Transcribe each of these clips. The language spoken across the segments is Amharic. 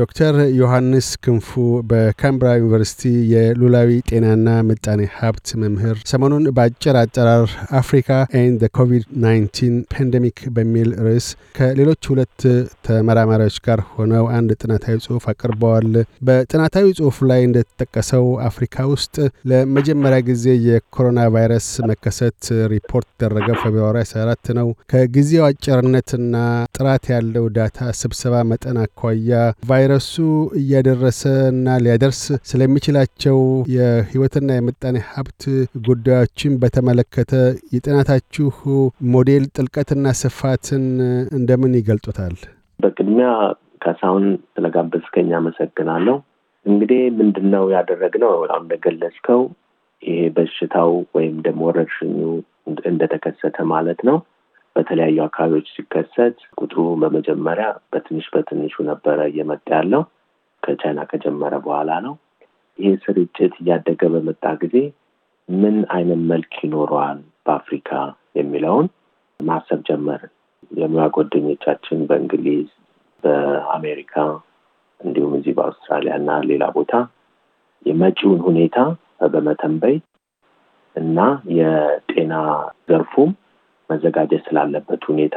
ዶክተር ዮሐንስ ክንፉ በካምብራ ዩኒቨርሲቲ የሉላዊ ጤናና ምጣኔ ሀብት መምህር፣ ሰሞኑን በአጭር አጠራር አፍሪካ ኤንድ ኮቪድ-19 ፓንደሚክ በሚል ርዕስ ከሌሎች ሁለት ተመራማሪዎች ጋር ሆነው አንድ ጥናታዊ ጽሑፍ አቅርበዋል። በጥናታዊ ጽሑፍ ላይ እንደተጠቀሰው አፍሪካ ውስጥ ለመጀመሪያ ጊዜ የኮሮና ቫይረስ መከሰት ሪፖርት ደረገ ፌብርዋሪ 14 ነው። ከጊዜው አጭርነትና ጥራት ያለው ዳታ ስብሰባ መጠን አኳያ ቫይረሱ እያደረሰና ሊያደርስ ስለሚችላቸው የህይወትና የምጣኔ ሀብት ጉዳዮችን በተመለከተ የጥናታችሁ ሞዴል ጥልቀትና ስፋትን እንደምን ይገልጡታል? በቅድሚያ ካሳሁን ስለጋበዝከኝ አመሰግናለሁ። እንግዲህ ምንድን ነው ያደረግነው? አሁን እንደገለጽከው ይሄ በሽታው ወይም ደግሞ ወረርሽኙ እንደተከሰተ ማለት ነው በተለያዩ አካባቢዎች ሲከሰት ቁጥሩ በመጀመሪያ በትንሽ በትንሹ ነበረ እየመጣ ያለው ከቻይና ከጀመረ በኋላ ነው። ይህ ስርጭት እያደገ በመጣ ጊዜ ምን አይነት መልክ ይኖረዋል በአፍሪካ የሚለውን ማሰብ ጀመርን። የሙያ ጓደኞቻችን በእንግሊዝ፣ በአሜሪካ እንዲሁም እዚህ በአውስትራሊያ እና ሌላ ቦታ የመጪውን ሁኔታ በመተንበይ እና የጤና ዘርፉም መዘጋጀት ስላለበት ሁኔታ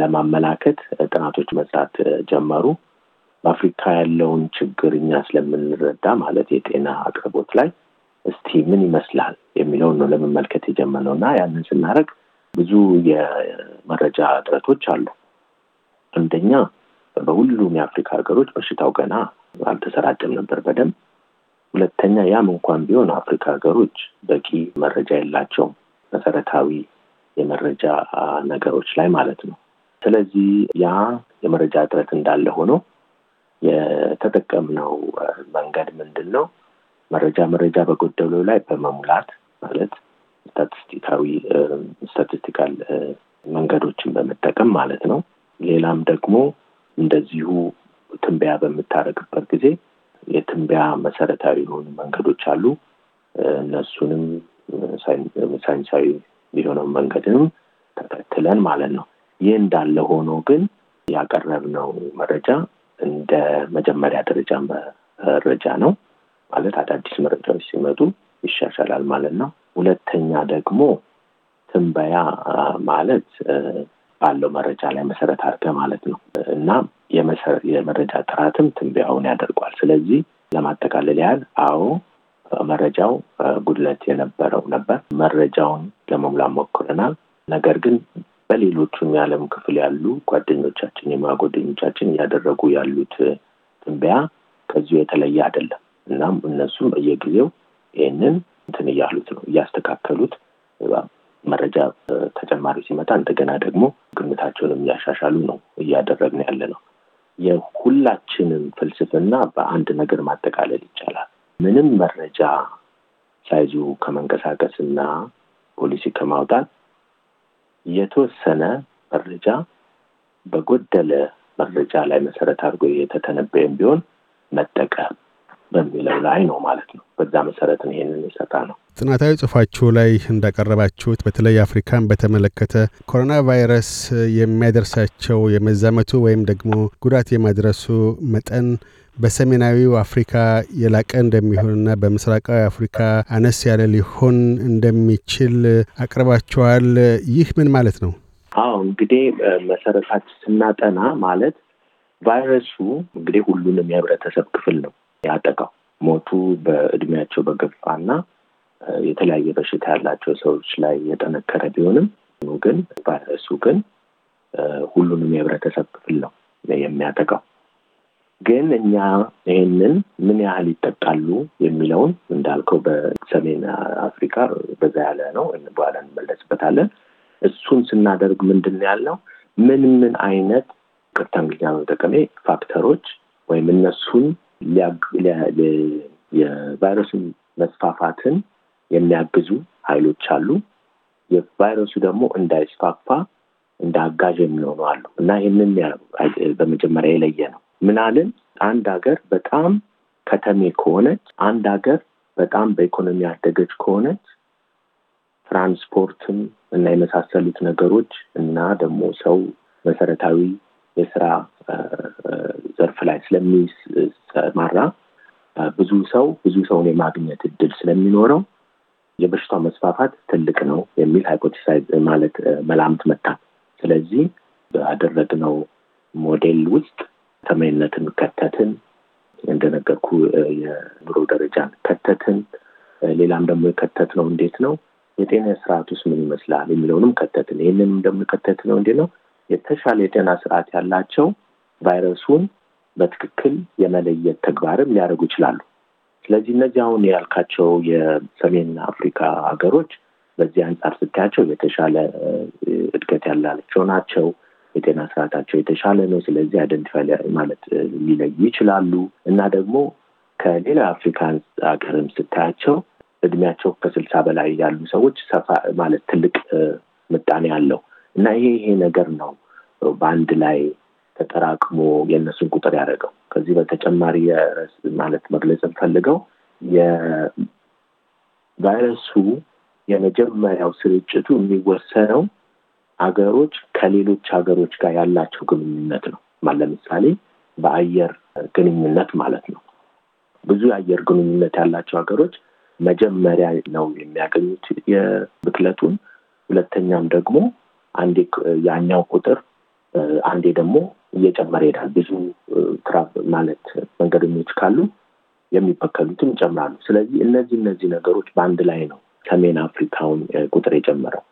ለማመላከት ጥናቶች መስራት ጀመሩ። በአፍሪካ ያለውን ችግር እኛ ስለምንረዳ ማለት የጤና አቅርቦት ላይ እስቲ ምን ይመስላል የሚለውን ነው ለመመልከት የጀመርነው እና ያንን ስናደርግ ብዙ የመረጃ እጥረቶች አሉ። አንደኛ በሁሉም የአፍሪካ ሀገሮች በሽታው ገና አልተሰራጨም ነበር በደንብ። ሁለተኛ ያም እንኳን ቢሆን አፍሪካ ሀገሮች በቂ መረጃ የላቸውም መሰረታዊ የመረጃ ነገሮች ላይ ማለት ነው። ስለዚህ ያ የመረጃ እጥረት እንዳለ ሆኖ የተጠቀምነው መንገድ ምንድን ነው? መረጃ መረጃ በጎደለው ላይ በመሙላት ማለት ስታቲስቲካዊ ስታቲስቲካል መንገዶችን በመጠቀም ማለት ነው። ሌላም ደግሞ እንደዚሁ ትንበያ በምታረግበት ጊዜ የትንበያ መሰረታዊ የሆኑ መንገዶች አሉ። እነሱንም ሳይንሳዊ የሚሆነው መንገድም ተከትለን ማለት ነው። ይህ እንዳለ ሆኖ ግን ያቀረብነው መረጃ እንደ መጀመሪያ ደረጃ መረጃ ነው ማለት አዳዲስ መረጃዎች ሲመጡ ይሻሻላል ማለት ነው። ሁለተኛ ደግሞ ትንበያ ማለት ባለው መረጃ ላይ መሰረት አድርገህ ማለት ነው እና የመረጃ ጥራትም ትንበያውን ያደርጓል። ስለዚህ ለማጠቃለል ያህል አዎ መረጃው ጉድለት የነበረው ነበር። መረጃውን ለመሙላት ሞክረናል። ነገር ግን በሌሎቹም የዓለም ክፍል ያሉ ጓደኞቻችን የሙያ ጓደኞቻችን እያደረጉ ያሉት ትንበያ ከዚሁ የተለየ አይደለም። እናም እነሱም በየጊዜው ይህንን እንትን እያሉት ነው እያስተካከሉት መረጃ ተጨማሪ ሲመጣ እንደገና ደግሞ ግምታቸውንም እያሻሻሉ ነው እያደረግን ያለ ነው። የሁላችንም ፍልስፍና በአንድ ነገር ማጠቃለል ይቻላል። ምንም መረጃ ሳይዙ ከመንቀሳቀስና ፖሊሲ ከማውጣት የተወሰነ መረጃ በጎደለ መረጃ ላይ መሰረት አድርጎ የተተነበየም ቢሆን መጠቀም በሚለው ላይ ነው ማለት ነው። በዛ መሰረትን ይሄንን የሰራ ነው። ጥናታዊ ጽሁፋችሁ ላይ እንዳቀረባችሁት በተለይ አፍሪካን በተመለከተ ኮሮና ቫይረስ የሚያደርሳቸው የመዛመቱ ወይም ደግሞ ጉዳት የማድረሱ መጠን በሰሜናዊው አፍሪካ የላቀ እንደሚሆንና በምስራቃዊ አፍሪካ አነስ ያለ ሊሆን እንደሚችል አቅርባቸዋል ይህ ምን ማለት ነው? አዎ እንግዲህ መሰረታች ስናጠና ማለት ቫይረሱ እንግዲህ ሁሉንም የህብረተሰብ ክፍል ነው ያጠቃው። ሞቱ በእድሜያቸው በገፋና የተለያየ በሽታ ያላቸው ሰዎች ላይ የጠነከረ ቢሆንም ግን ቫይረሱ ግን ሁሉንም የህብረተሰብ ክፍል ነው የሚያጠቃው። ግን እኛ ይህንን ምን ያህል ይጠቃሉ የሚለውን እንዳልከው በሰሜን አፍሪካ በዛ ያለ ነው፣ በኋላ እንመለስበታለን። እሱን ስናደርግ ምንድን ያልነው ምን ምን አይነት ቅርታ እንግሊዝኛ መጠቀሜ ፋክተሮች ወይም እነሱን የቫይረሱን መስፋፋትን የሚያግዙ ኃይሎች አሉ። የቫይረሱ ደግሞ እንዳይስፋፋ እንደ አጋዥ የሚሆኑ አሉ እና ይህንን በመጀመሪያ የለየ ነው። ምናልን አንድ ሀገር በጣም ከተሜ ከሆነች፣ አንድ ሀገር በጣም በኢኮኖሚ ያደገች ከሆነች ትራንስፖርትም እና የመሳሰሉት ነገሮች እና ደግሞ ሰው መሰረታዊ የስራ ዘርፍ ላይ ስለሚሰማራ ብዙ ሰው ብዙ ሰውን የማግኘት እድል ስለሚኖረው የበሽታው መስፋፋት ትልቅ ነው የሚል ሃይፖቴሳይዝ ማለት መላምት መጣ። ስለዚህ ባደረግነው ሞዴል ውስጥ ተመኝነትን ከተትን። እንደነገርኩ የኑሮ ደረጃን ከተትን። ሌላም ደግሞ የከተት ነው እንዴት ነው የጤና ስርዓት ውስጥ ምን ይመስላል የሚለውንም ከተትን። ይህንንም ደግሞ የከተት ነው እንዴት ነው የተሻለ የጤና ስርዓት ያላቸው ቫይረሱን በትክክል የመለየት ተግባርም ሊያደርጉ ይችላሉ። ስለዚህ እነዚህ አሁን ያልካቸው የሰሜን አፍሪካ ሀገሮች በዚህ አንጻር ስታያቸው የተሻለ እድገት ያላቸው ናቸው። የጤና ስርዓታቸው የተሻለ ነው። ስለዚህ አይደንቲፋይ ማለት ሊለዩ ይችላሉ እና ደግሞ ከሌላ አፍሪካ ሀገርም ስታያቸው እድሜያቸው ከስልሳ በላይ ያሉ ሰዎች ሰፋ ማለት ትልቅ ምጣኔ አለው እና ይሄ ይሄ ነገር ነው በአንድ ላይ ተጠራቅሞ የእነሱን ቁጥር ያደረገው። ከዚህ በተጨማሪ ማለት መግለጽ ፈልገው የቫይረሱ የመጀመሪያው ስርጭቱ የሚወሰነው አገሮች ከሌሎች ሀገሮች ጋር ያላቸው ግንኙነት ነው። ለምሳሌ በአየር ግንኙነት ማለት ነው። ብዙ የአየር ግንኙነት ያላቸው ሀገሮች መጀመሪያ ነው የሚያገኙት የብክለቱን። ሁለተኛም ደግሞ አንዴ ያኛው ቁጥር አንዴ ደግሞ እየጨመረ ይሄዳል። ብዙ ትራፍ ማለት መንገደኞች ካሉ የሚበከሉትም ይጨምራሉ። ስለዚህ እነዚህ እነዚህ ነገሮች በአንድ ላይ ነው ሰሜን አፍሪካውን ቁጥር የጨመረው።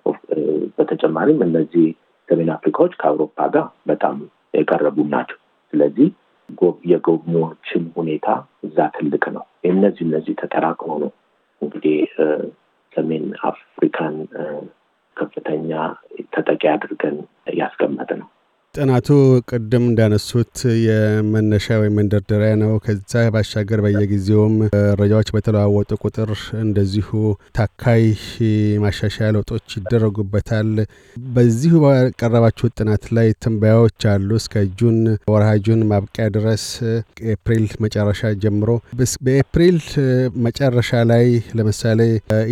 በተጨማሪም እነዚህ ሰሜን አፍሪካዎች ከአውሮፓ ጋር በጣም የቀረቡ ናቸው። ስለዚህ የጎብኚዎችን ሁኔታ እዛ ትልቅ ነው። እነዚህ እነዚህ ተጠራቅሞ ነው እንግዲህ ሰሜን አፍሪካን ከፍተኛ ተጠቂ አድርገን ያስቀመጥ ነው። ጥናቱ ቅድም እንዳነሱት የመነሻ ወይም መንደርደሪያ ነው። ከዛ ባሻገር በየጊዜውም መረጃዎች በተለዋወጡ ቁጥር እንደዚሁ ታካይ ማሻሻያ ለውጦች ይደረጉበታል። በዚሁ ባቀረባችሁት ጥናት ላይ ትንበያዎች አሉ። እስከ ጁን ወርሃ ጁን ማብቂያ ድረስ ኤፕሪል መጨረሻ ጀምሮ በኤፕሪል መጨረሻ ላይ ለምሳሌ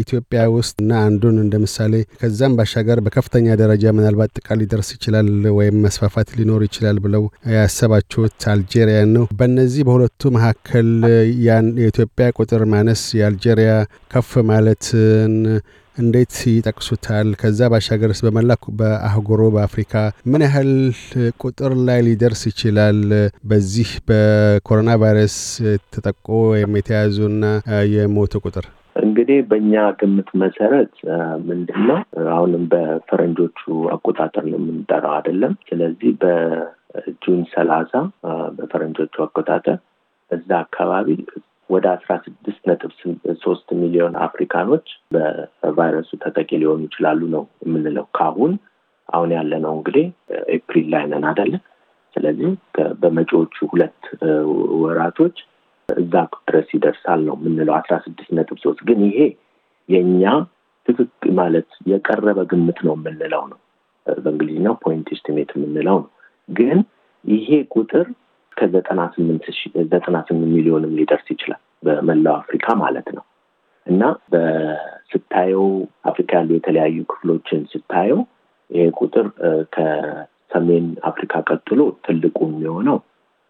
ኢትዮጵያ ውስጥ እና አንዱን እንደ ምሳሌ ከዛም ባሻገር በከፍተኛ ደረጃ ምናልባት ጥቃት ሊደርስ ይችላል ወይም መስፋፋ መጋፋት ሊኖር ይችላል ብለው ያሰባችሁት አልጄሪያን ነው። በእነዚህ በሁለቱ መካከል ያን የኢትዮጵያ ቁጥር ማነስ የአልጄሪያ ከፍ ማለትን እንዴት ይጠቅሱታል? ከዛ ባሻገርስ በመላ በአህጉሮ በአፍሪካ ምን ያህል ቁጥር ላይ ሊደርስ ይችላል? በዚህ በኮሮና ቫይረስ ተጠቆ የተያዙና የሞቱ ቁጥር እንግዲህ በእኛ ግምት መሰረት ምንድን ነው አሁንም በፈረንጆቹ አቆጣጠር ነው የምንጠራው አይደለም። ስለዚህ በጁን ሰላሳ በፈረንጆቹ አቆጣጠር እዛ አካባቢ ወደ አስራ ስድስት ነጥብ ሶስት ሚሊዮን አፍሪካኖች በቫይረሱ ተጠቂ ሊሆኑ ይችላሉ ነው የምንለው። ከአሁን አሁን ያለ ነው እንግዲህ ኤፕሪል ላይ ነን አይደለም። ስለዚህ በመጪዎቹ ሁለት ወራቶች እዛ ድረስ ይደርሳል ነው የምንለው። አስራ ስድስት ነጥብ ሶስት ግን ይሄ የእኛ ትክክ ማለት የቀረበ ግምት ነው የምንለው ነው። በእንግሊዝኛው ፖይንት ኤስቲሜት የምንለው ነው። ግን ይሄ ቁጥር ከዘጠና ስምንት ዘጠና ስምንት ሚሊዮንም ሊደርስ ይችላል በመላው አፍሪካ ማለት ነው። እና በስታየው አፍሪካ ያሉ የተለያዩ ክፍሎችን ስታየው ይሄ ቁጥር ከሰሜን አፍሪካ ቀጥሎ ትልቁ የሚሆነው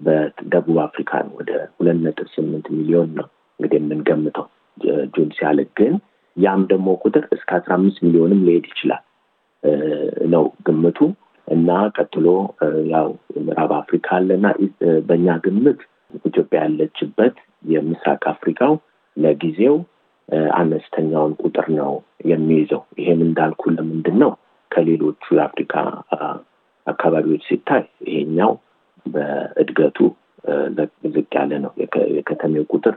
በደቡብ አፍሪካ ነው። ወደ ሁለት ነጥብ ስምንት ሚሊዮን ነው እንግዲህ የምንገምተው ጁን ሲያልቅ ግን ያም ደግሞ ቁጥር እስከ አስራ አምስት ሚሊዮንም ሊሄድ ይችላል ነው ግምቱ። እና ቀጥሎ ያው ምዕራብ አፍሪካ አለና በእኛ ግምት ኢትዮጵያ ያለችበት የምስራቅ አፍሪካው ለጊዜው አነስተኛውን ቁጥር ነው የሚይዘው። ይሄን እንዳልኩ ለምንድን ነው ከሌሎቹ የአፍሪካ አካባቢዎች ሲታይ ይሄኛው በእድገቱ ዝቅ ያለ ነው። የከተሜው ቁጥር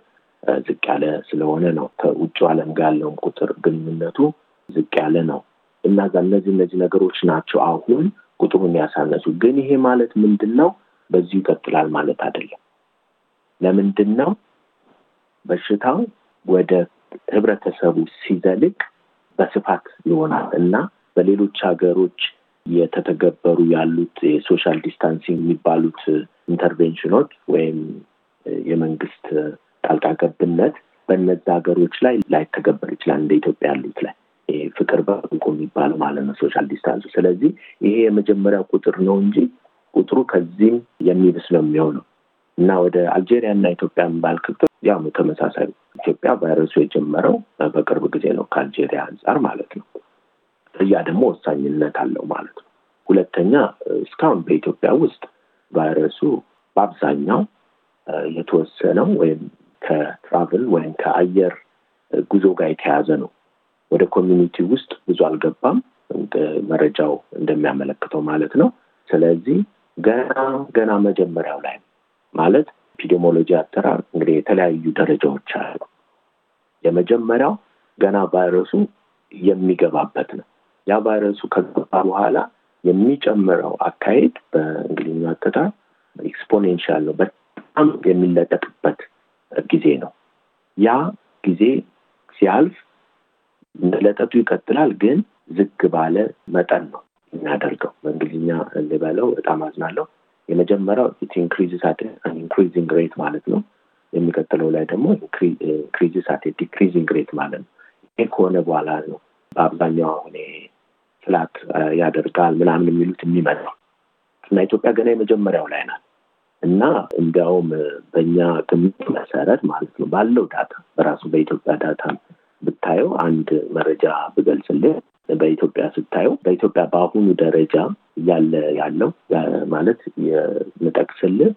ዝቅ ያለ ስለሆነ ነው። ከውጭ ዓለም ጋር ያለውን ቁጥር ግንኙነቱ ዝቅ ያለ ነው እና እነዚህ እነዚህ ነገሮች ናቸው አሁን ቁጥሩን ያሳነሱ። ግን ይሄ ማለት ምንድን ነው? በዚሁ ይቀጥላል ማለት አይደለም። ለምንድን ነው በሽታው ወደ ህብረተሰቡ ሲዘልቅ በስፋት ይሆናል እና በሌሎች ሀገሮች የተተገበሩ ያሉት የሶሻል ዲስታንሲንግ የሚባሉት ኢንተርቬንሽኖች ወይም የመንግስት ጣልቃ ገብነት ሀገሮች ላይ ላይተገበር ይችላል። እንደ ኢትዮጵያ ያሉት ላይ ፍቅር በዕንቁ የሚባለው ማለት ነው ሶሻል ዲስታንሱ። ስለዚህ ይሄ የመጀመሪያው ቁጥር ነው እንጂ ቁጥሩ ከዚህም የሚብስ ነው የሚሆነው እና ወደ አልጄሪያ እና ኢትዮጵያን ክቶ ያው ተመሳሳይ ኢትዮጵያ ቫይረሱ የጀመረው በቅርብ ጊዜ ነው ከአልጄሪያ አንጻር ማለት ነው። ያ ደግሞ ወሳኝነት አለው ማለት ነው። ሁለተኛ እስካሁን በኢትዮጵያ ውስጥ ቫይረሱ በአብዛኛው የተወሰነው ወይም ከትራቭል ወይም ከአየር ጉዞ ጋር የተያዘ ነው። ወደ ኮሚኒቲ ውስጥ ብዙ አልገባም፣ መረጃው እንደሚያመለክተው ማለት ነው። ስለዚህ ገና ገና መጀመሪያው ላይ ማለት ኢፒዲሞሎጂ አጠራር እንግዲህ የተለያዩ ደረጃዎች አሉ። የመጀመሪያው ገና ቫይረሱ የሚገባበት ነው። ያ ቫይረሱ ከገባ በኋላ የሚጨምረው አካሄድ በእንግሊዝኛ አጠጣ ኤክስፖኔንሻል ነው። በጣም የሚለጠጥበት ጊዜ ነው። ያ ጊዜ ሲያልፍ መለጠጡ ይቀጥላል፣ ግን ዝግ ባለ መጠን ነው የሚያደርገው። በእንግሊዝኛ ልበለው በጣም አዝናለሁ። የመጀመሪያው ኢንክሪዝስ አት ኢንክሪዚንግ ሬት ማለት ነው። የሚቀጥለው ላይ ደግሞ ኢንክሪዝስ አት ዲክሪዚንግ ሬት ማለት ነው። ይሄ ከሆነ በኋላ ነው በአብዛኛው አሁን ፍላክ ያደርጋል ምናምን የሚሉት የሚመጣው እና ኢትዮጵያ ገና የመጀመሪያው ላይ ናት እና እንዲያውም በእኛ ግምት መሰረት ማለት ነው ባለው ዳታ በራሱ በኢትዮጵያ ዳታ ብታየው አንድ መረጃ ብገልጽልህ በኢትዮጵያ ስታየው በኢትዮጵያ በአሁኑ ደረጃ እያለ ያለው ማለት የምጠቅስልህ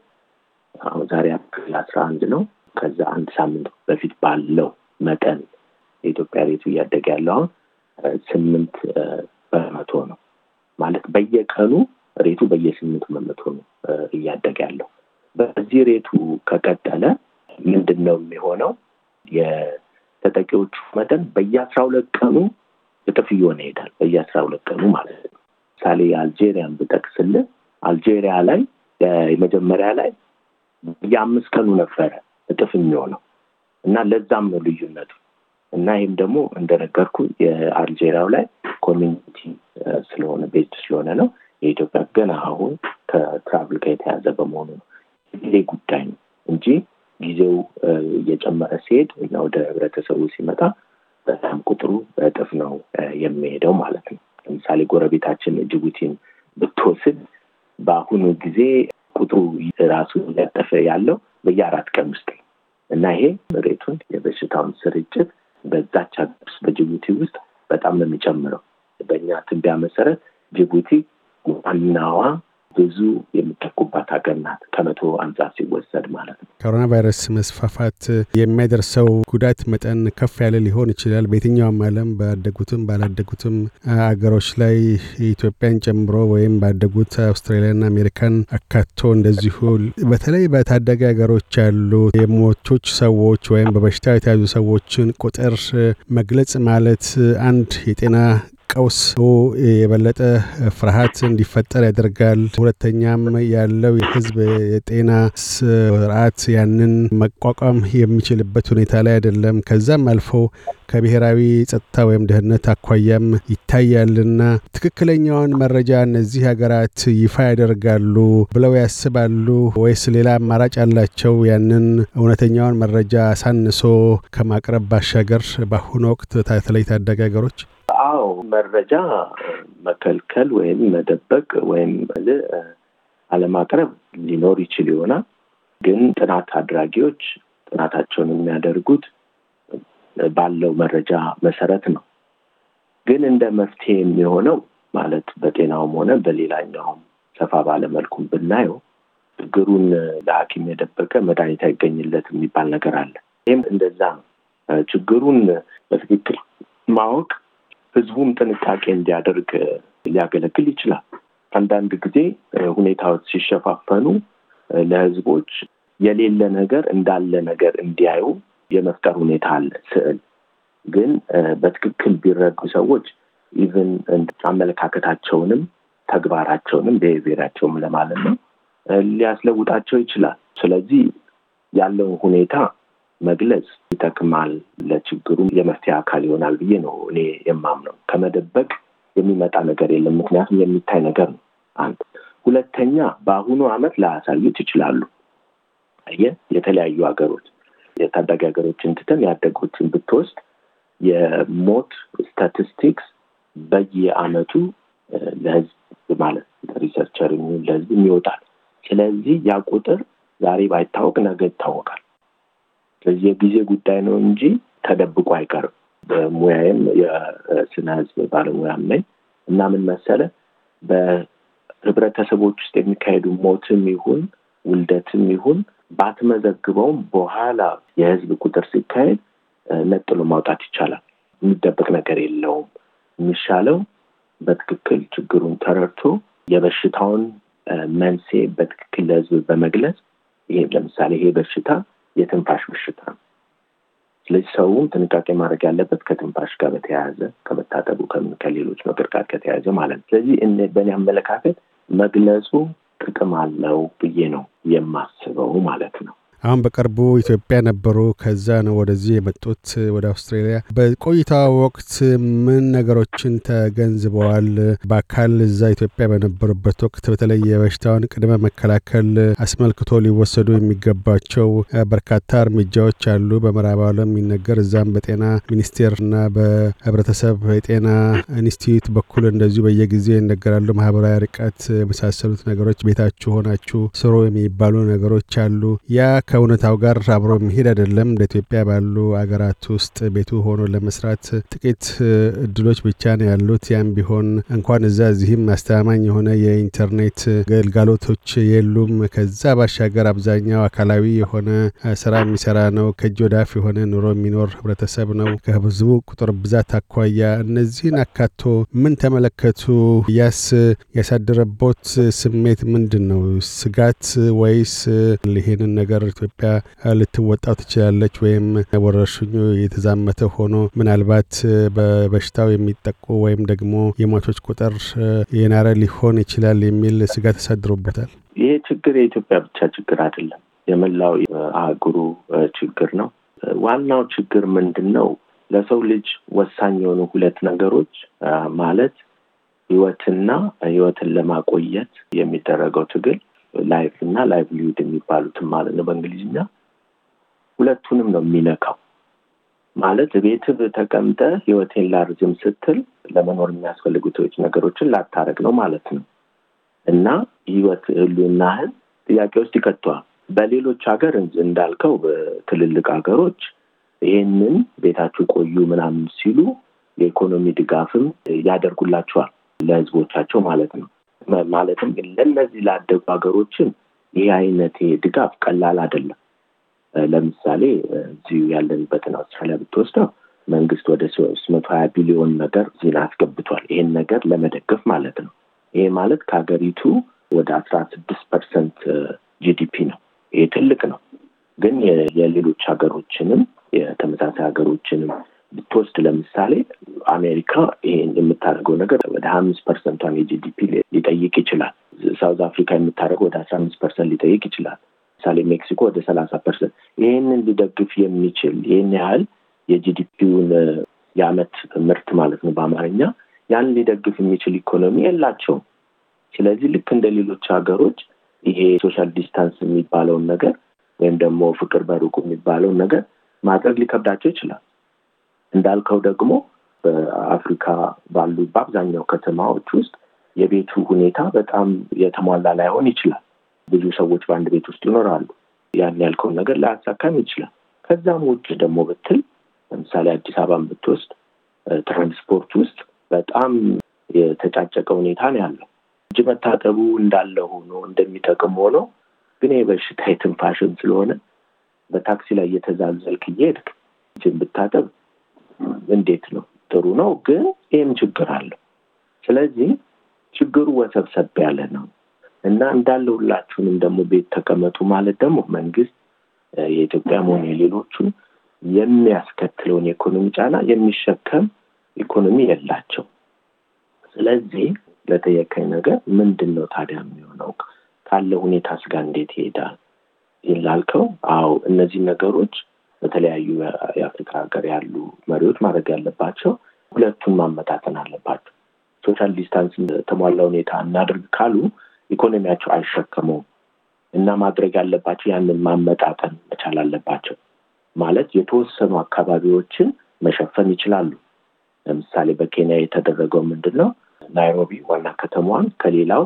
አሁን ዛሬ አፕሪል አስራ አንድ ነው። ከዛ አንድ ሳምንት በፊት ባለው መጠን የኢትዮጵያ ቤቱ እያደገ ያለው አሁን ስምንት በመቶ ነው ማለት በየቀኑ ሬቱ በየስምንት በመቶ ነው እያደገ ያለው። በዚህ ሬቱ ከቀጠለ ምንድን ነው የሚሆነው? የተጠቂዎቹ መጠን በየአስራ ሁለት ቀኑ እጥፍ እየሆነ ይሄዳል። በየአስራ ሁለት ቀኑ ማለት ነው። ምሳሌ አልጄሪያን ብጠቅስል አልጄሪያ ላይ የመጀመሪያ ላይ የአምስት ቀኑ ነበረ እጥፍ የሚሆነው እና ለዛም ነው ልዩነቱ እና ይህም ደግሞ እንደነገርኩ የአልጄሪያው ላይ ኮሚኒቲ ስለሆነ ቤዝድ ስለሆነ ነው። የኢትዮጵያ ገና አሁን ከትራቭል ጋር የተያዘ በመሆኑ ነው። ጊዜ ጉዳይ ነው እንጂ ጊዜው እየጨመረ ሲሄድ እና ወደ ህብረተሰቡ ሲመጣ በጣም ቁጥሩ እጥፍ ነው የሚሄደው ማለት ነው። ለምሳሌ ጎረቤታችን ጅቡቲን ብትወስድ በአሁኑ ጊዜ ቁጥሩ ራሱ እያጠፈ ያለው በየአራት ቀን ውስጥ ነው እና ይሄ መሬቱን የበሽታውን ስርጭት በዛች ስ በጅቡቲ ውስጥ በጣም ነው የሚጨምረው። በእኛ ትንበያ መሰረት ጅቡቲ ዋናዋ ብዙ የሚጠቁባት ሀገር ናት። ከመቶ አንጻር ሲወሰድ ማለት ነው። ኮሮና ቫይረስ መስፋፋት የሚያደርሰው ጉዳት መጠን ከፍ ያለ ሊሆን ይችላል። በየትኛውም ዓለም ባደጉትም ባላደጉትም አገሮች ላይ ኢትዮጵያን ጨምሮ ወይም ባደጉት አውስትራሊያና አሜሪካን አካቶ እንደዚሁ በተለይ በታዳጊ ሀገሮች ያሉ የሞቾች ሰዎች ወይም በበሽታ የተያዙ ሰዎችን ቁጥር መግለጽ ማለት አንድ የጤና ቀውስ የበለጠ ፍርሃት እንዲፈጠር ያደርጋል። ሁለተኛም ያለው የህዝብ የጤና ስርዓት ያንን መቋቋም የሚችልበት ሁኔታ ላይ አይደለም። ከዛም አልፎ ከብሔራዊ ጸጥታ ወይም ደህንነት አኳያም ይታያልና ትክክለኛውን መረጃ እነዚህ ሀገራት ይፋ ያደርጋሉ ብለው ያስባሉ ወይስ ሌላ አማራጭ አላቸው? ያንን እውነተኛውን መረጃ አሳንሶ ከማቅረብ ባሻገር በአሁኑ ወቅት በተለይ ታዳጊ ሀገሮች አዎ መረጃ መከልከል ወይም መደበቅ ወይም አለማቅረብ ሊኖር ይችል ይሆናል። ግን ጥናት አድራጊዎች ጥናታቸውን የሚያደርጉት ባለው መረጃ መሰረት ነው። ግን እንደ መፍትሄ የሚሆነው ማለት በጤናውም ሆነ በሌላኛውም ሰፋ ባለመልኩም ብናየው ችግሩን ለሐኪም የደበቀ መድኃኒት አይገኝለት የሚባል ነገር አለ። ይህም እንደዛ ነው። ችግሩን በትክክል ማወቅ ህዝቡም ጥንቃቄ እንዲያደርግ ሊያገለግል ይችላል። አንዳንድ ጊዜ ሁኔታዎች ሲሸፋፈኑ ለህዝቦች የሌለ ነገር እንዳለ ነገር እንዲያዩ የመፍጠር ሁኔታ አለ። ስዕል ግን በትክክል ቢረዱ ሰዎች ኢቨን አመለካከታቸውንም ተግባራቸውንም ብሄቪራቸውም ለማለት ነው ሊያስለውጣቸው ይችላል። ስለዚህ ያለውን ሁኔታ መግለጽ ይጠቅማል፣ ለችግሩም የመፍትሄ አካል ይሆናል ብዬ ነው እኔ የማምነው። ከመደበቅ የሚመጣ ነገር የለም፣ ምክንያቱም የሚታይ ነገር ነው። አንድ ሁለተኛ፣ በአሁኑ ዓመት ላያሳዩት ይችላሉ። የተለያዩ ሀገሮች የታዳጊ ሀገሮችን ትተን ያደጉትን ብትወስድ የሞት ስታቲስቲክስ በየአመቱ ለህዝብ ማለት ሪሰርቸር ለህዝብ ይወጣል። ስለዚህ ያ ቁጥር ዛሬ ባይታወቅ ነገ ይታወቃል። የጊዜ ጉዳይ ነው እንጂ ተደብቆ አይቀርም። በሙያዬም የስነ ህዝብ ባለሙያም ነኝ እና ምን መሰለ በህብረተሰቦች ውስጥ የሚካሄዱ ሞትም ይሁን ውልደትም ይሁን ባትመዘግበውም በኋላ የህዝብ ቁጥር ሲካሄድ ነጥሎ ማውጣት ይቻላል። የሚደበቅ ነገር የለውም። የሚሻለው በትክክል ችግሩን ተረድቶ የበሽታውን መንስኤ በትክክል ለህዝብ በመግለጽ ይሄ ለምሳሌ ይሄ በሽታ የትንፋሽ በሽታ ነው። ስለዚህ ሰውም ጥንቃቄ ማድረግ ያለበት ከትንፋሽ ጋር በተያያዘ ከመታጠቡ ከሌሎች መቅርቃት ከተያያዘ ማለት ነው። ስለዚህ በእኔ አመለካከት መግለጹ ጥቅም አለው ብዬ ነው የማስበው ማለት ነው። አሁን በቅርቡ ኢትዮጵያ ነበሩ፣ ከዛ ነው ወደዚህ የመጡት ወደ አውስትራሊያ። በቆይታ ወቅት ምን ነገሮችን ተገንዝበዋል? በአካል እዛ ኢትዮጵያ በነበሩበት ወቅት በተለይ የበሽታውን ቅድመ መከላከል አስመልክቶ ሊወሰዱ የሚገባቸው በርካታ እርምጃዎች አሉ። በምዕራብ ዓለም የሚነገር እዛም በጤና ሚኒስቴርና በህብረተሰብ የጤና ኢንስቲትዩት በኩል እንደዚሁ በየጊዜው ይነገራሉ። ማህበራዊ ርቀት የመሳሰሉት ነገሮች፣ ቤታችሁ ሆናችሁ ስሩ የሚባሉ ነገሮች አሉ ያ ከእውነታው ጋር አብሮ መሄድ አይደለም። ለኢትዮጵያ ባሉ አገራት ውስጥ ቤቱ ሆኖ ለመስራት ጥቂት እድሎች ብቻ ነው ያሉት። ያም ቢሆን እንኳን እዛ እዚህም አስተማማኝ የሆነ የኢንተርኔት ገልጋሎቶች የሉም። ከዛ ባሻገር አብዛኛው አካላዊ የሆነ ስራ የሚሰራ ነው። ከእጅ ወዳፍ የሆነ ኑሮ የሚኖር ህብረተሰብ ነው። ከህዝቡ ቁጥር ብዛት አኳያ እነዚህን አካቶ ምን ተመለከቱ? ያስ ያሳደረቦት ስሜት ምንድን ነው? ስጋት ወይስ ይሄንን ነገር ኢትዮጵያ ልትወጣው ትችላለች ወይም ወረርሽኙ የተዛመተ ሆኖ ምናልባት በበሽታው የሚጠቁ ወይም ደግሞ የሟቾች ቁጥር የናረ ሊሆን ይችላል የሚል ስጋት ተሳድሮበታል። ይሄ ችግር የኢትዮጵያ ብቻ ችግር አይደለም፣ የመላው አህጉሩ ችግር ነው። ዋናው ችግር ምንድን ነው? ለሰው ልጅ ወሳኝ የሆኑ ሁለት ነገሮች ማለት ህይወትና ህይወትን ለማቆየት የሚደረገው ትግል ላይፍ እና ላይቭሊሁድ የሚባሉትን ማለት ነው በእንግሊዝኛ ሁለቱንም ነው የሚነካው ማለት ቤት ተቀምጠ ህይወቴን ላርዝም ስትል ለመኖር የሚያስፈልጉት ነገሮችን ላታረግ ነው ማለት ነው እና ህይወት ህሉናህን ጥያቄ ውስጥ ይከቷል በሌሎች ሀገር እንዳልከው በትልልቅ ሀገሮች ይህንን ቤታችሁ ቆዩ ምናምን ሲሉ የኢኮኖሚ ድጋፍም ያደርጉላቸዋል ለህዝቦቻቸው ማለት ነው ማለትም ለእነዚህ ላደጉ ሀገሮችን ይህ አይነት ድጋፍ ቀላል አይደለም። ለምሳሌ እዚሁ ያለንበትን አውስትራሊያ ብትወስደው መንግስት ወደ ሶስት መቶ ሀያ ቢሊዮን ነገር ዜና አስገብቷል። ይህን ነገር ለመደገፍ ማለት ነው። ይሄ ማለት ከሀገሪቱ ወደ አስራ ስድስት ፐርሰንት ጂዲፒ ነው። ይሄ ትልቅ ነው፣ ግን የሌሎች ሀገሮችንም የተመሳሳይ ሀገሮችንም ብትወስድ ለምሳሌ አሜሪካ ይሄን የምታደርገው ነገር ወደ ሀያ አምስት ፐርሰንቷን የጂዲፒ ሊጠይቅ ይችላል። ሳውዝ አፍሪካ የምታደርገው ወደ አስራ አምስት ፐርሰንት ሊጠይቅ ይችላል። ምሳሌ ሜክሲኮ ወደ ሰላሳ ፐርሰንት። ይህንን ሊደግፍ የሚችል ይህን ያህል የጂዲፒውን የአመት ምርት ማለት ነው በአማርኛ ያን ሊደግፍ የሚችል ኢኮኖሚ የላቸውም። ስለዚህ ልክ እንደ ሌሎች ሀገሮች ይሄ ሶሻል ዲስታንስ የሚባለውን ነገር ወይም ደግሞ ፍቅር በሩቁ የሚባለውን ነገር ማድረግ ሊከብዳቸው ይችላል። እንዳልከው ደግሞ በአፍሪካ ባሉ በአብዛኛው ከተማዎች ውስጥ የቤቱ ሁኔታ በጣም የተሟላ ላይሆን ይችላል። ብዙ ሰዎች በአንድ ቤት ውስጥ ይኖራሉ። ያን ያልከውን ነገር ላያሳካም ይችላል። ከዛም ውጭ ደግሞ ብትል ለምሳሌ አዲስ አበባን ብትወስድ ትራንስፖርት ውስጥ በጣም የተጫጨቀ ሁኔታ ነው ያለው። እጅ መታጠቡ እንዳለ ሆኖ እንደሚጠቅም ሆኖ ግን የበሽታ የትንፋሽም ስለሆነ በታክሲ ላይ እየተዛዘልክ እየሄድክ እጅን ብታጠብ እንዴት ነው? ጥሩ ነው፣ ግን ይህም ችግር አለው። ስለዚህ ችግሩ ወሰብሰብ ያለ ነው እና እንዳለ ሁላችሁንም ደግሞ ቤት ተቀመጡ ማለት ደግሞ መንግስት የኢትዮጵያ መሆን የሌሎቹን የሚያስከትለውን የኢኮኖሚ ጫና የሚሸከም ኢኮኖሚ የላቸው። ስለዚህ ለጠየቀኝ ነገር ምንድን ነው ታዲያ የሚሆነው ካለ ሁኔታ ስጋ እንዴት ይሄዳል ይላልከው? አዎ እነዚህ ነገሮች በተለያዩ የአፍሪካ ሀገር ያሉ መሪዎች ማድረግ ያለባቸው ሁለቱን ማመጣጠን አለባቸው። ሶሻል ዲስታንስ ተሟላ ሁኔታ እናድርግ ካሉ ኢኮኖሚያቸው አይሸከመውም እና ማድረግ ያለባቸው ያንን ማመጣጠን መቻል አለባቸው። ማለት የተወሰኑ አካባቢዎችን መሸፈን ይችላሉ። ለምሳሌ በኬንያ የተደረገው ምንድን ነው? ናይሮቢ ዋና ከተማዋን ከሌላው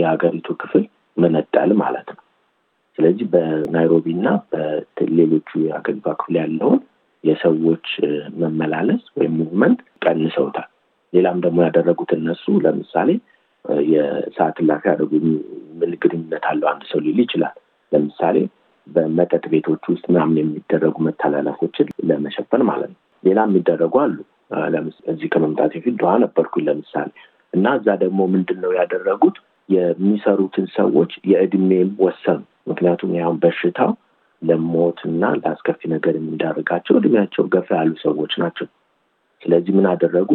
የሀገሪቱ ክፍል መነጠል ማለት ነው። ስለዚህ በናይሮቢ እና በሌሎቹ የአገሪቷ ክፍል ያለውን የሰዎች መመላለስ ወይም ሙቭመንት ቀንሰውታል። ሌላም ደግሞ ያደረጉት እነሱ ለምሳሌ የሰዓት እላፊ ያደረጉ ምን ግንኙነት አለው አንድ ሰው ሊል ይችላል። ለምሳሌ በመጠጥ ቤቶች ውስጥ ምናምን የሚደረጉ መተላለፎችን ለመሸፈን ማለት ነው። ሌላ የሚደረጉ አሉ። እዚህ ከመምጣት በፊት ድሃ ነበርኩኝ ለምሳሌ እና እዛ ደግሞ ምንድን ነው ያደረጉት የሚሰሩትን ሰዎች የእድሜም ወሰኑ። ምክንያቱም ያሁን በሽታ ለሞት እና ለአስከፊ ነገር የሚዳርጋቸው እድሜያቸው ገፋ ያሉ ሰዎች ናቸው። ስለዚህ ምን አደረጉ?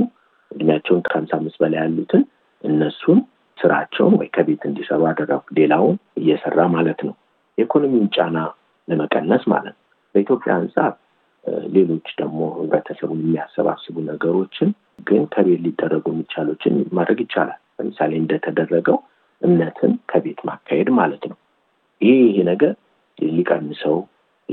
እድሜያቸውን ከሀምሳ አምስት በላይ ያሉትን እነሱን ስራቸውን ወይ ከቤት እንዲሰሩ አደረጉ። ሌላውን እየሰራ ማለት ነው። የኢኮኖሚውን ጫና ለመቀነስ ማለት ነው። በኢትዮጵያ አንጻር ሌሎች ደግሞ ህብረተሰቡን የሚያሰባስቡ ነገሮችን ግን ከቤት ሊደረጉ የሚቻሉትን ማድረግ ይቻላል። ለምሳሌ እንደተደረገው እምነትን ከቤት ማካሄድ ማለት ነው። ይሄ ይሄ ነገር ሊቀንሰው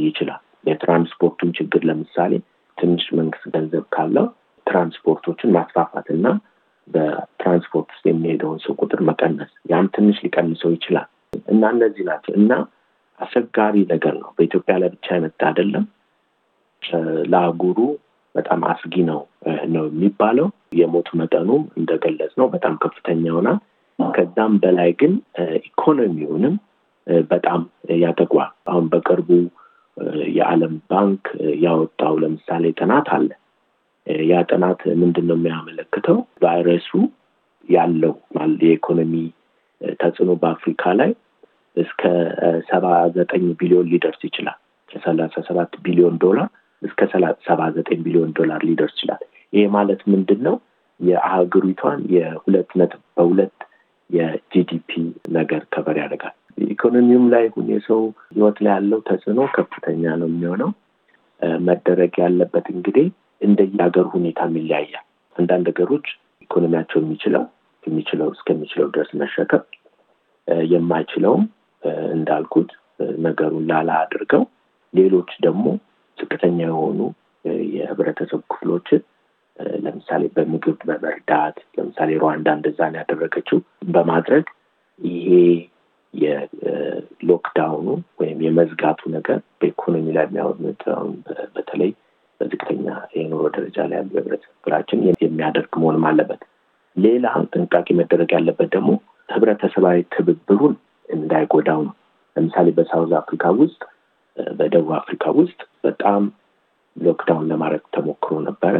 ይችላል። የትራንስፖርቱን ችግር ለምሳሌ ትንሽ መንግስት ገንዘብ ካለው ትራንስፖርቶችን ማስፋፋት እና በትራንስፖርት ውስጥ የሚሄደውን ሰው ቁጥር መቀነስ ያም ትንሽ ሊቀንሰው ይችላል እና እነዚህ ናቸው እና አስቸጋሪ ነገር ነው። በኢትዮጵያ ላይ ብቻ የመጣ አይደለም። ለአህጉሩ በጣም አስጊ ነው ነው የሚባለው። የሞት መጠኑም እንደገለጽ ነው በጣም ከፍተኛ ሆና ከዛም በላይ ግን ኢኮኖሚውንም በጣም ያጠቋል። አሁን በቅርቡ የዓለም ባንክ ያወጣው ለምሳሌ ጥናት አለ። ያ ጥናት ምንድን ነው የሚያመለክተው? ቫይረሱ ያለው የኢኮኖሚ ተጽዕኖ በአፍሪካ ላይ እስከ ሰባ ዘጠኝ ቢሊዮን ሊደርስ ይችላል። ከሰላሳ ሰባት ቢሊዮን ዶላር እስከ ሰባ ዘጠኝ ቢሊዮን ዶላር ሊደርስ ይችላል። ይሄ ማለት ምንድን ነው? የሀገሪቷን የሁለት ነጥብ በሁለት የጂዲፒ ነገር ከበር ያደርጋል። ኢኮኖሚውም ላይ ሁን የሰው ህይወት ላይ ያለው ተጽዕኖ ከፍተኛ ነው የሚሆነው። መደረግ ያለበት እንግዲህ እንደየሀገር ሁኔታ ይለያያል። አንዳንድ ሀገሮች ኢኮኖሚያቸው የሚችለው የሚችለው እስከሚችለው ድረስ መሸከም የማይችለውም እንዳልኩት ነገሩን ላላ አድርገው፣ ሌሎች ደግሞ ዝቅተኛ የሆኑ የህብረተሰብ ክፍሎችን ለምሳሌ በምግብ በመርዳት ለምሳሌ ሩዋንዳ እንደዛን ያደረገችው በማድረግ ይሄ የሎክዳውኑ ወይም የመዝጋቱ ነገር በኢኮኖሚ ላይ የሚያወጣውን በተለይ በዝቅተኛ የኑሮ ደረጃ ላይ ያሉ ህብረተሰባችን የሚያደርግ መሆንም አለበት። ሌላ ጥንቃቄ መደረግ ያለበት ደግሞ ህብረተሰባዊ ትብብሩን እንዳይጎዳው ነው። ለምሳሌ በሳውዝ አፍሪካ ውስጥ በደቡብ አፍሪካ ውስጥ በጣም ሎክዳውን ለማድረግ ተሞክሮ ነበረ።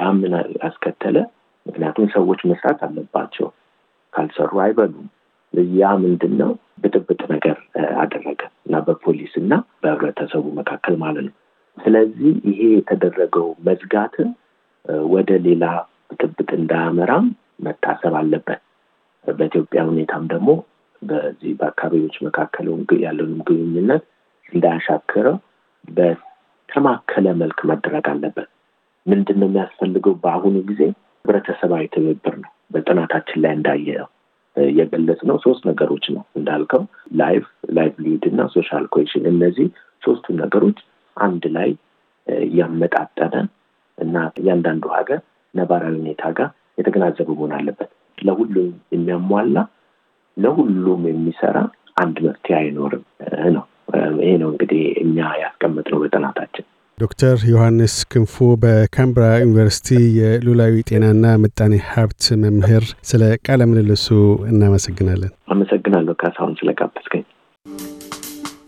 ያምን ያስከተለ ምክንያቱም ሰዎች መስራት አለባቸው፣ ካልሰሩ አይበሉም። ያ ምንድን ነው ብጥብጥ ነገር አደረገ እና በፖሊስ እና በህብረተሰቡ መካከል ማለት ነው። ስለዚህ ይሄ የተደረገው መዝጋትን ወደ ሌላ ብጥብጥ እንዳያመራም መታሰብ አለበት። በኢትዮጵያ ሁኔታም ደግሞ በዚህ በአካባቢዎች መካከል ያለውንም ግንኙነት እንዳያሻክረው በተማከለ መልክ መደረግ አለበት። ምንድን ነው የሚያስፈልገው? በአሁኑ ጊዜ ህብረተሰባዊ ትብብር ነው። በጥናታችን ላይ እንዳየነው የገለጽ ነው። ሶስት ነገሮች ነው እንዳልከው ላይፍ ላይቭሊድ እና ሶሻል ኮሽን እነዚህ ሶስቱ ነገሮች አንድ ላይ ያመጣጠነ እና እያንዳንዱ ሀገር ነባራዊ ሁኔታ ጋር የተገናዘበ መሆን አለበት። ለሁሉም የሚያሟላ ለሁሉም የሚሰራ አንድ መፍትሄ አይኖርም ነው። ይሄ ነው እንግዲህ እኛ ነው በጥናታችን። ዶክተር ዮሐንስ ክንፉ በካምብራ ዩኒቨርሲቲ የሉላዊ ጤናና ምጣኔ ሀብት መምህር፣ ስለ ቃለ ምልልሱ እናመሰግናለን። አመሰግናለሁ ካሳሁን ስለጋበዝከኝ።